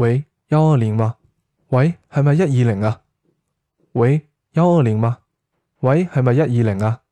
喂，幺二零嗎？喂，係咪一二零啊？喂，幺二零嗎？喂，係咪一二零啊？